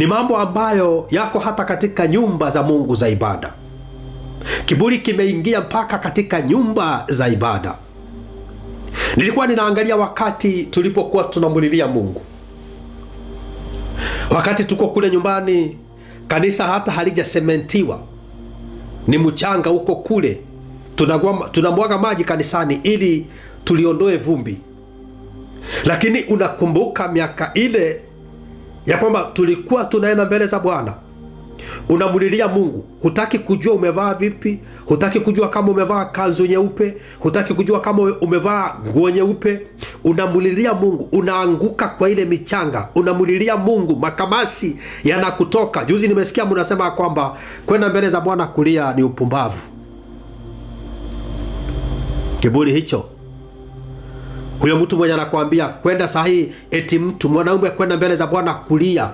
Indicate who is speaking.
Speaker 1: ni mambo ambayo yako hata katika nyumba za Mungu za ibada. Kiburi kimeingia mpaka katika nyumba za ibada. Nilikuwa ninaangalia wakati tulipokuwa tunamulilia Mungu, wakati tuko kule nyumbani, kanisa hata halijasementiwa, ni mchanga huko kule, tunamwaga maji kanisani ili tuliondoe vumbi, lakini unakumbuka miaka ile ya kwamba tulikuwa tunaenda mbele za Bwana, unamulilia Mungu, hutaki kujua umevaa vipi, hutaki kujua kama umevaa kanzu nyeupe, hutaki kujua kama umevaa nguo nyeupe. Unamulilia Mungu, unaanguka kwa ile michanga, unamulilia Mungu, makamasi yanakutoka. Juzi nimesikia mnasema kwamba kwenda mbele za Bwana kulia ni upumbavu. Kiburi hicho huyo mtu mwenye anakuambia kwenda sahihi, eti mtu mwanaume kwenda mbele za Bwana kulia